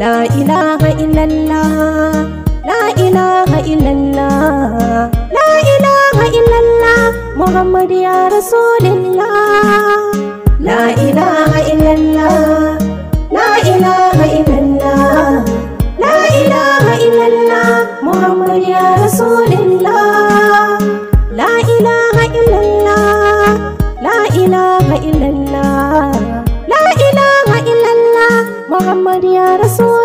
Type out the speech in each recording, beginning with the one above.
La ilaha illallah La ilaha illallah La ilaha illallah Muhammad ya Rasulullah La ilaha illallah La ilaha illallah La ilaha illallah Muhammad ya Rasulullah La ilaha illallah La ilaha illallah Muhammad ya Rasul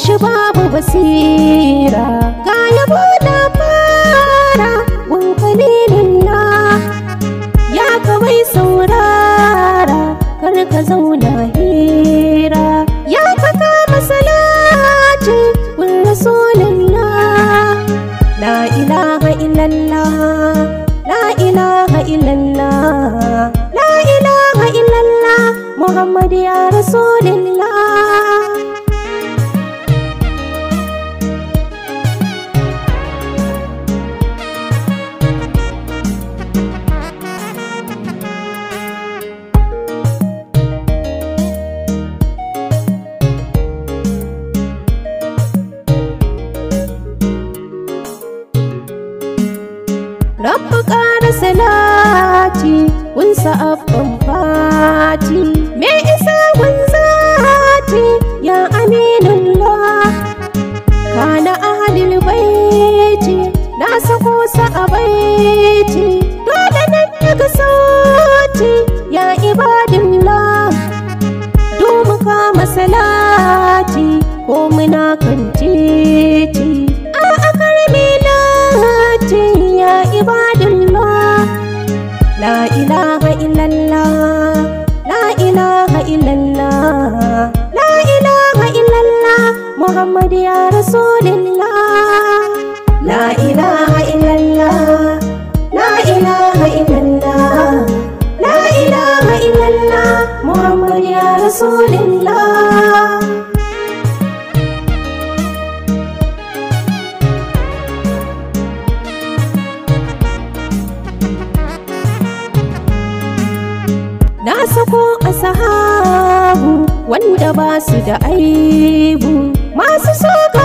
shi babu basira galibu na fara wankalinin na ya kawai saurara kar ka zauna hira ya ka kama salati kun rasulullah la ilaha illallah la ilaha illallah la ilaha illallah muhammad ya rasulullah ilaha illallah la ilaha illallah la ilaha illallah muhammad ya rasulillah la ilaha illallah la ilaha illallah la ilaha illallah muhammad ya rasulillah wanda ba su da aibu masu so ka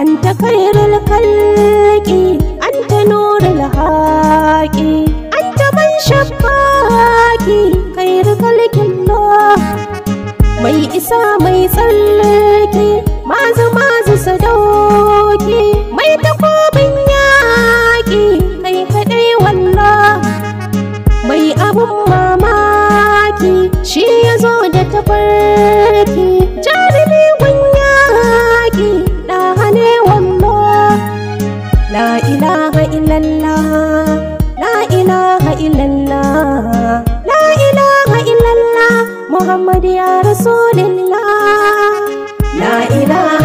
anta khairul khalqi anta nurul haqi anta man shabbaqi khairul khalqi mai isa mai tsallaki ma Muhammad ya Rasulillah La ilaha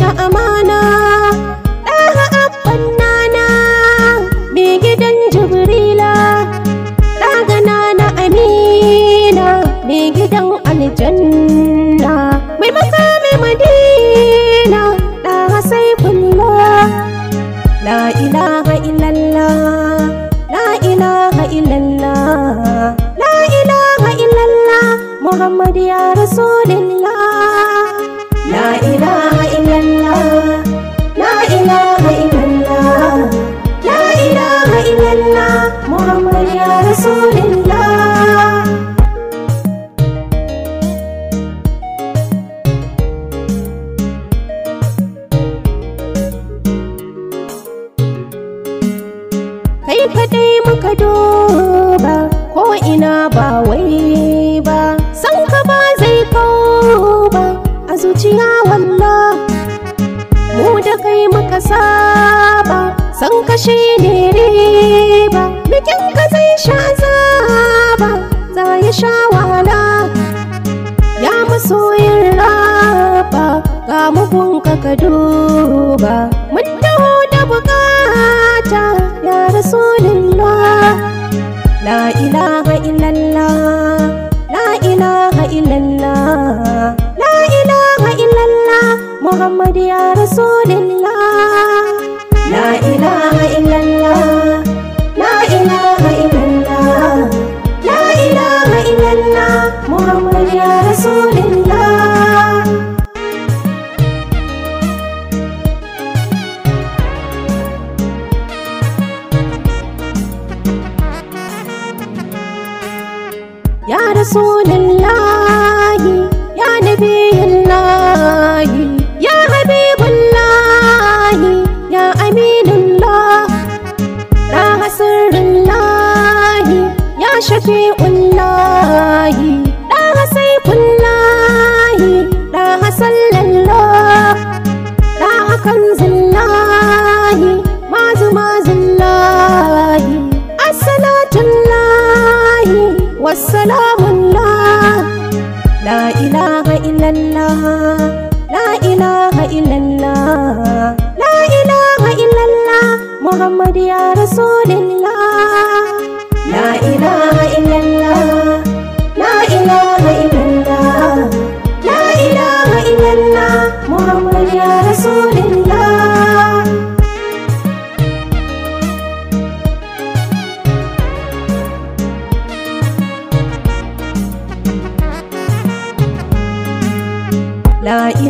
na amana ɗaha abban nana mai gidan jibrila ɗaga nana amina mai gidan aljanna mai makami madina ɗaha sai kullo la ilaha illallah la ilaha illallah la ilaha illallah muhammad ya rasulillah la ilaha rasulillah kai kadai muka duba ko ina ba wai ba san ka ba zai kawo ba a zuciya walla mu da kai muka saba san ka shi ne kin ga zai sha azaba za ya sha wahala ya masoyin raba ga mugun ka duba mun taho da bukata ya rasulullah la ilaha illallah la ilaha illallah la ilaha illallah muhammad ya rasulullah la ilaha illallah ya rasulullahi ya nabiyullahi ya habibullahi ya aminullah raha sirrullahi ya shafi'u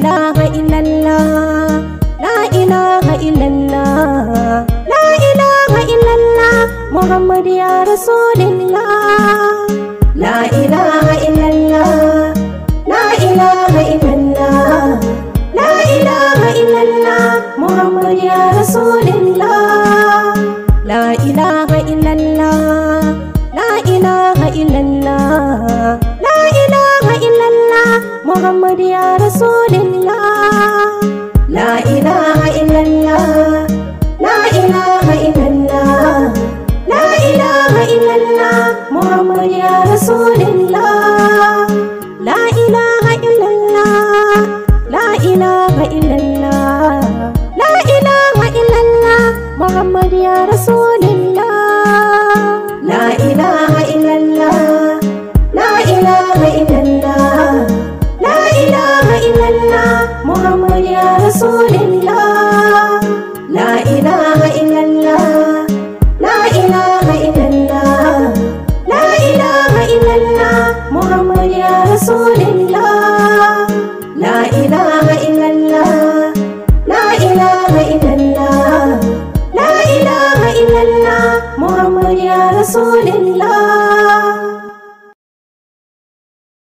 ilaha illallah la ilaha illallah la ilaha illallah muhammad ya rasulillah la ilaha La ilaha illallah La ilaha illallah La ilaha illallah Muhammad ya Rasulullah La ilaha illallah La ilaha illallah La ilaha illallah Muhammad ya Rasulullah